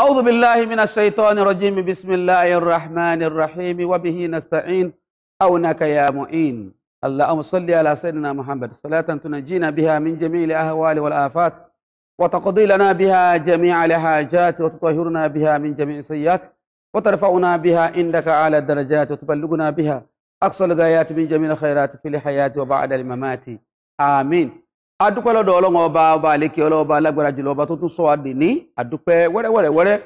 أعوذ بالله من الشيطان الرجيم بسم الله الرحمن الرحيم وبه نستعين أونك يا معين اللهم صل على سيدنا محمد صلاة تنجينا بها من جميع الأهوال والآفات وتقضي لنا بها جميع الحاجات وتطهرنا بها من جميع السيئات وترفعنا بها عندك على الدرجات وتبلغنا بها أقصى الغايات من جميع الخيرات في الحياة وبعد الممات آمين adúpẹ́ lọ́dọ̀ ọlọ́run ọba ọba àlékè ọlọ́ọba alágbára jùlọ ọba tó tún sọ àdèní adúpẹ́ wẹ́rẹ́wẹ́rẹ́wẹ́rẹ́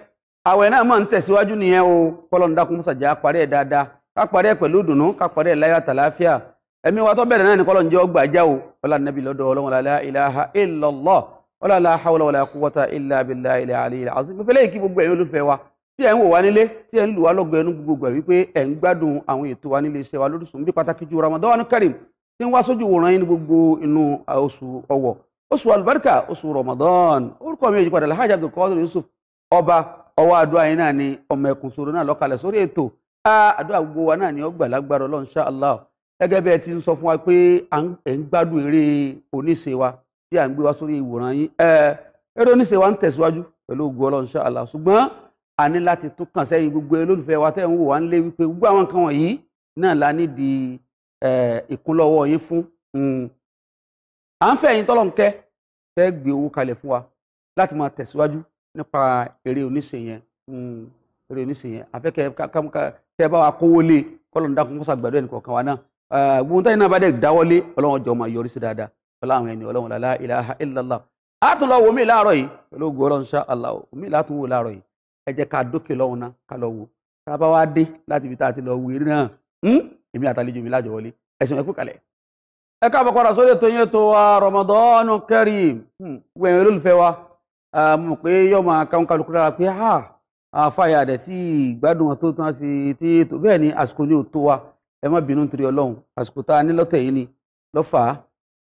àwẹ̀ náà máa ń tẹ̀síwájú nìyẹn o kọ́lọ́n dákun sàjà parí ẹ̀ dáadáa ká parí ẹ̀ pẹ̀lú ìdùnnú ká parí ẹ̀ láyọ̀ àtàláfíà ẹ̀mí wa tó bẹ̀rẹ̀ náà ní kọ́lọ́n jẹ́ ọgbà ajá o ọlá nàbí lọ́dọ̀ ọlọ́run la ilaha illallah ọlá la hawla wala quwwata illa billahi ilẹ̀ àlẹ́ ilẹ̀ àti fífẹ́lẹ́ yìí kí gbogbo ẹ̀yin olùfẹ́ wa tí ẹ̀ ń wò tí ń wá sójú wòran yín ní gbogbo inú oṣù ọ̀wọ̀ oṣù alùbáríkà oṣù Ramadan orúkọ mi ò yípadà Alhaji Abdulkadir Yusuf ọba ọwọ́ àdúrà yín náà ni ọmọ ẹkùn sòrò náà lọ́kàlẹ̀ sórí ètò àdúrà gbogbo wa náà ni ó gbà lágbára Ọlọ́run insha Allah gẹ́gẹ́ bí ẹ ti ń sọ fún wa pé ẹ̀ ń gbádùn eré oníṣe wa tí à ń gbé wa sórí ìwòran yín eré oníṣe wa ń tẹ̀síwájú pẹ̀lú ògùn Ọlọ́run insha Allah a ní láti tún kàn sẹ́yìn gbogbo olólùfẹ́ wa tẹ́ ń wò wá ń lé wípé gbogbo àwọn nǹkan wọ̀nyí náà la nídìí ìkúnlọ́wọ́ yín fún à ń fẹ́ ẹ̀yin tọ́lọ̀ ń kẹ́ tẹ́ gbé owó kalẹ̀ fún wa láti máa tẹ̀síwájú nípa eré oníṣe yẹn eré oníṣe yẹn àfẹ́kẹ́ kẹ́ bá wa kówó lé kọ́lọ̀ ń dákun kó sàgbàdo ẹnì kọ̀ọ̀kan wa náà gbogbo táyì náà bá dẹ̀ dáwọ́lé ọlọ́run ọjọ́ máa yọrí sí dáadáa ọlọ́run àwọn ẹni ọlọ́run làlá ilaha illallah àtúnlọ wo mí láàárọ̀ yìí pẹ̀lú ògùn ọlọ́run ṣá aláwọ̀ mí látún wò láàárọ̀ yìí ẹ jẹ́ ká dókè lọ́hùn náà ká lọ wò tá a bá wá dé láti ibi tá a ti lọ wò náà èmi àtàlejò mi lájọ wọlé ẹ̀sìn ẹ̀kú kalẹ̀ ẹ káàbọ̀ padà sórí ètò yẹn tó wa Ramadan Kareem wẹ̀yìn hmm, olólùfẹ́ wa mo pé yọ máa káwọn kálukú dára pé ha àfàyà rẹ̀ tí ìgbádùn wọn tó tán sí ti tó bẹ́ẹ̀ ni àsìkò ní òtó wa ẹ má bínú nítorí ọlọ́run àsìkò tá a ní lọ́tẹ̀ yìí ni lọ́fà á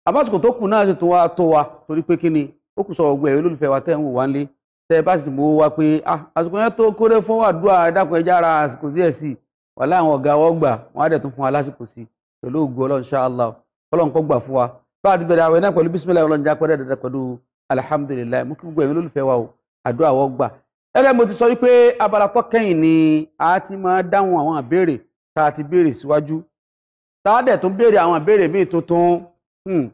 àmọ́ àsìkò tó kù náà sì tún wá tó wa torí pé kí ni ó kù sọ ọgbẹ́ ẹ̀rọ olólùfẹ́ wa tẹ́ ń wò wá nílé tẹ́ bá sì mú wa pé ah, àsìkò yẹn tó kórè fún àdúrà ẹ̀dàkùn wàhálà àwọn ọ̀gá wọn gbà wọn á dẹ̀ tún fún wa lásìkò sí pẹ̀lú ògùn ọlọ́run ṣá allah ọlọ́run kọ́ gbà fún wa bá a ti bẹ̀rẹ̀ àwẹ̀ náà pẹ̀lú bisimilayi ọlọ́run já pẹ́rẹ́ dandan pẹ̀lú alihamudulilayi mú kí gbogbo ẹ̀yin olólùfẹ́ wa o àdúrà wọ́n gbà. ẹlẹ́ mo ti sọ wípé abala tó kẹ́yìn ni a ti máa dáhùn àwọn àbéèrè tá a ti béèrè síwájú tá a dẹ̀ tún béèrè àwọn àbéèrè míì tuntun hmm.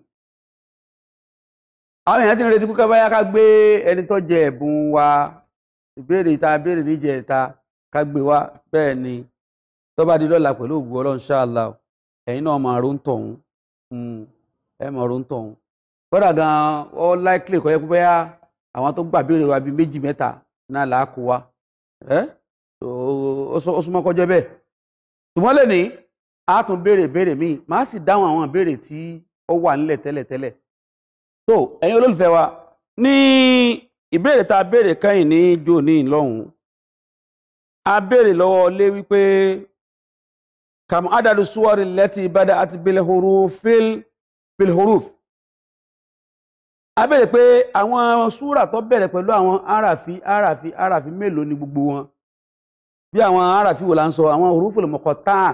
àwọn èèyàn ti ń retí kúkẹ́ báyá ká gbé ẹni tó jẹ ẹ̀bùn wa ìbéèrè ta béèrè níjẹ̀ẹ́ta ká gbé wa bẹ́ẹ̀ ni tó bá di lọ́la pẹ̀lú ògùn ọlọ́run ṣáàlà ẹ̀yin náà máa ro ń tọ̀hún hmm, ẹ máa ro tọ̀hún kódà gan-an ó láìkìlì kọ́ yẹ pé bóyá àwọn tó gbà béèrè wa bíi méjì mẹ́ta náà là á kó wa ó súnmọ́ kọjọ́ bẹ́ẹ̀ ṣùgbọ́n lè ní a tún béèrè béèrè míì màá sì dáhùn àwọn béèrè tí ó wà nílẹ̀ tẹ́lẹ̀ tẹ́lẹ̀. tó ẹ̀yin olólùfẹ́ wa ní ìbéèrè tá a béèrè kẹ́yìn ní jòní lọ́hùn-ún a béèrè lọ́wọ́ lé wípé كم عدد الصور التي بدأت بالحروف بالحروف abẹ́rẹ́ pé àwọn súrà tó bẹ̀rẹ̀ pẹ̀lú àwọn àràfi àràfi àràfi mélòó ni gbogbo wọn bí àwọn àràfi wò la ń sọ àwọn huruful muqatta'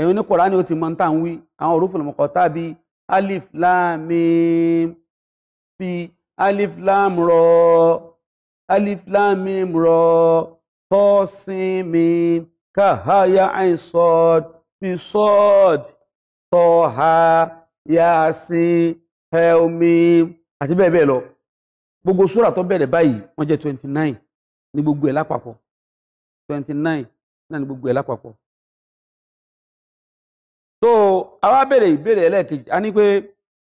ẹ̀yin ní Kùránì ó ti mọ̀ tá à ń wí àwọn huruful muqatta' bíi alif lam mim bíi alif lam alif lam mim ra tọ́ káhayà àìsọ̀d min sọ́ọ̀d tọ́ha yasin helmim ati bẹ́ẹ̀ bẹ́ẹ̀ gbogbo súrà tó bẹ̀rẹ̀ báyìí wọ́n jẹ́ gbogbo ẹ̀ lápapọ̀ twenty nine náà gbogbo so a ní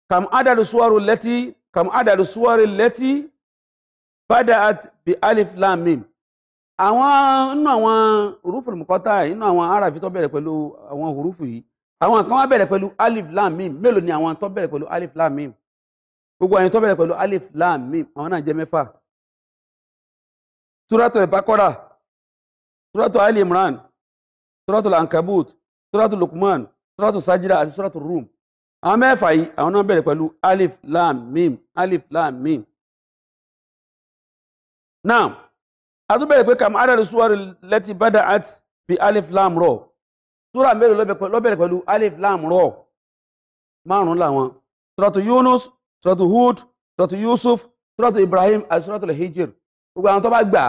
kam adadu suwaru adadu suwaru leti bada at bi alif lam mim àwọn nínú àwọn hurufu mukọ́tà nínú àwọn arafi tó bẹ̀rẹ̀ pẹ̀lú àwọn hurufu yìí àwọn kan wá bẹ̀rẹ̀ pẹ̀lú alif lam mim mélòó ni àwọn tó bẹ̀rẹ̀ pẹ̀lú alif lam mim gbogbo àwọn tó bẹ̀rẹ̀ pẹ̀lú alif lam mim àwọn náà jẹ́ mẹ́fà suratul bakora suratul ali imran suratul ankabut suratul lukman suratul sajira àti suratul rum àwọn mẹ́fà yìí àwọn náà bẹ̀rẹ̀ pẹ̀lú alif lam mim alif lam mim náà a tún bẹ̀rẹ̀ pé kam adadu suwari lẹ́tì bada at bi alif lam rọ súra mélòó lọ́bẹ̀rẹ̀ pẹ̀lú alif lam rọ márùn-ún làwọn suratu yunus suratu hud suratu yusuf suratu ibrahim àti suratu lehijir gbogbo àwọn tó bá gbà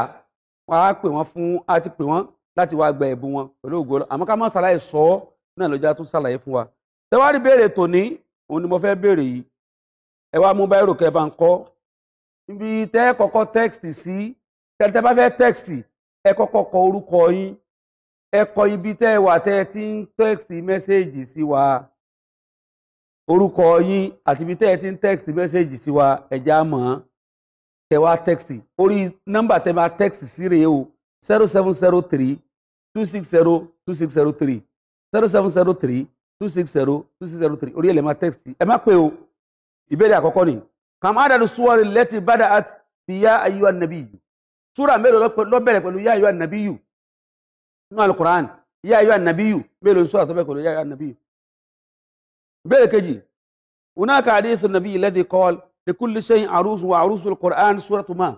wọn á pè wọn fún á ti pè wọn láti wá gba ẹ̀bùn wọn pẹ̀lú ògo àmọ́ ká má ṣàlàyé sọ ọ́ náà lọ́jà tún ṣàlàyé fún wa tẹ́wárí béèrè tòní òun ni mo fẹ́ béèrè yìí ẹ wá mú báyìí rò kẹ́ bá ń kọ́ ibi tẹ́ kọ́kọ́ tẹ́ẹ̀kì sí tẹ́lẹ̀ tẹ́ bá fẹ́ tẹ́kìtì ẹ kọ́kọ́ kọ orúkọ yín ẹ kọ ibi tẹ́ ẹ wà tẹ́ ẹ ti ń tẹ́kìtì mẹ́sẹ́ẹ̀jì sí wa orúkọ yín àti ibi tẹ́ ẹ ti ń tẹ́kìtì mẹ́sẹ́ẹ̀jì sí wa ẹ̀já mọ̀ ọ́n tẹ́ wá tẹ́kìtì orí nọ́mbà tẹ́ máa tẹ́kìtì sí rèé o zero seven zero three two six zero two six zero three zero seven zero three two six zero two six zero three orí ẹ̀ lẹ́ máa tẹ́kìtì ẹ má pé o ìbéèrè àkọ́kọ́ ni kàmáàdàdù suwari lẹ́tì bàdà àti fìyà ayé wa nàbí súrà mélòó ló bẹ̀rẹ̀ pẹ̀lú yá ayọ́ ànàbíyù nínú alukur'an yá ayọ́ ànàbíyù mélòó ní súrà tó bẹ̀rẹ̀ pẹ̀lú yá ayọ́ ànàbíyù. ìbéèrè kejì hunaka hadithu nabi alladhi qala likulli shay'in arusun wa arusu alukur'an suratu ma.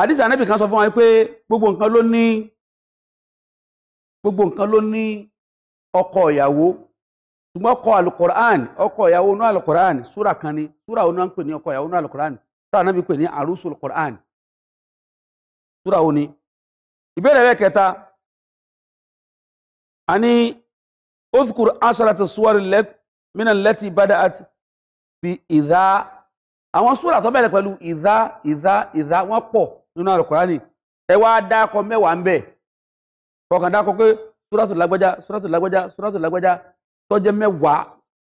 hadith anabi kan sọ fún wa pé gbogbo nǹkan ló ní gbogbo nǹkan ló ní ọkọ ìyàwó ṣùgbọ́n ọkọ alukur'an ọkọ ìyàwó nú alukur'an súrà kan ni súrà onú à ń pè ní ọkọ ìyàwó nú alukur'an súrà anabi pè ní arusu alukur'an súra òní ìbéèrè rẹ̀ kẹta a ní othkur asharata suwari mina lẹ́tì bada àti bí ìdá àwọn súra tó bẹ̀rẹ̀ pẹ̀lú ìdá ìdá ìdá wọ́n pọ̀ nínú Al-Qur'ani ẹ wá dákọ mẹ́wàá ń bẹ̀ kọkàn dákọ pé súrátù lágbájá súrátù lágbájá súrátù lágbájá tó jẹ́ mẹ́wàá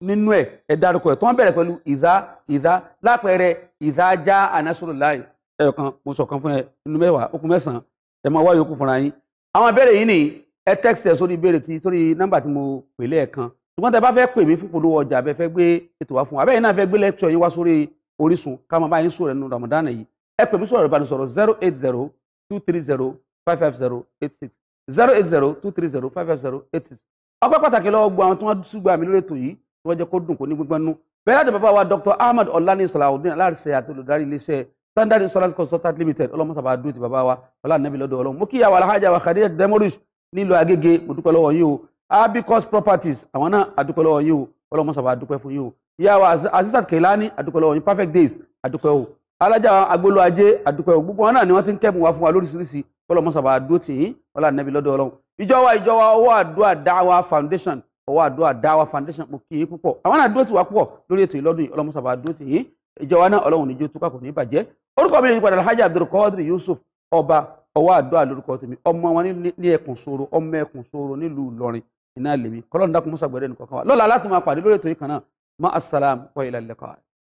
nínú ẹ̀ ẹ dárúkọ ẹ̀ tó wọ́n bẹ̀rẹ̀ pẹ̀lú ìdá ìdá lápẹẹrẹ ìdá já ànásùrù láì ẹyọ kan mo sọ kan fún ẹ inú mẹ́wàá ó kù mẹ́sàn-án ẹ máa wá yòókù fúnra yín àwọn ìbéèrè yìí ni ẹ text ẹ sórí ìbéèrè ti sórí nọ́mbà tí mo pè lẹ́ẹ̀kan ṣùgbọ́n tẹ bá fẹ́ pè mí fún polówó ọjà abẹ fẹ́ gbé ètò wá fún wa abẹ́yìn náà fẹ́ gbé lecture yín wá sórí Orísun ká máa bá yín sọ̀rọ̀ nínú Ramadan yìí ẹ pè mí sọ̀rọ̀ ìbánisọ̀rọ̀ zero eight zero two three zero five five zero eight six zero eight zero two three zero five five zero eight six ọpẹ́ pàtàkì lọ́wọ́ gbọ́ àwọn tí wọ́n ṣùgbọ́n àmì lórí ètò yìí tí wọ́n jẹ́ kó dùn kó ní gbígbọ́n nú bẹ́ẹ̀ láti bàbá wa Dr. Ahmed Ọlání Salaudeen aláàṣẹ àti olùdarí iléeṣẹ́ standard insurance consultant limited ọlọmọ sábà dúró ti bàbá wa ọlá nàbí lọ́dọ̀ ọlọmọ mo kíyàwó alhaja wa khadija demorish nílò agége mo dúpẹ́ lọ́wọ́ yín o abicos properties àwọn náà adúpẹ́ lọ́wọ́ yín o ọlọmọ sábà dúpẹ́ fún yín o ìyàwó assistant kelani adúpẹ́ lọ́wọ́ yín perfect days adúpẹ́ o alájà agbolo ajé adúpẹ́ o gbogbo wọn náà ni wọ́n ti ń kẹ́mu wa fún wa lóríṣiríṣi ọlọmọ sábà dúró tì yín ọlá nàbí lọ́dọ̀ ọlọmọ ìjọwa ìjọwa ọwọ́ foundation ọwọ́ àdúrà dáwà foundation mo kí yín púpọ̀ àwọn náà dúró tì wá púpọ̀ lórí ètò ìlọ́dún yìí ọlọmọ sábà dúró tì yín ìjọba náà ọlọ́run níjó tó kàkó ní bàjẹ́ orúkọ mi yìí padà alhaji abdulkadir yusuf ọba ọwọ́ àdúrà lórúkọ tèmi ọmọ wọn ní ẹkùn soro ọmọ ẹkùn soro nílùú ìlọrin iná lèmi kọlọ́ọ̀dún dákun mọ́sàgbẹ́rẹ́ nìkan kan wa lọ́la láti máa pàdé lórí ètò yìí kan náà ma assalam wa ilal liqa.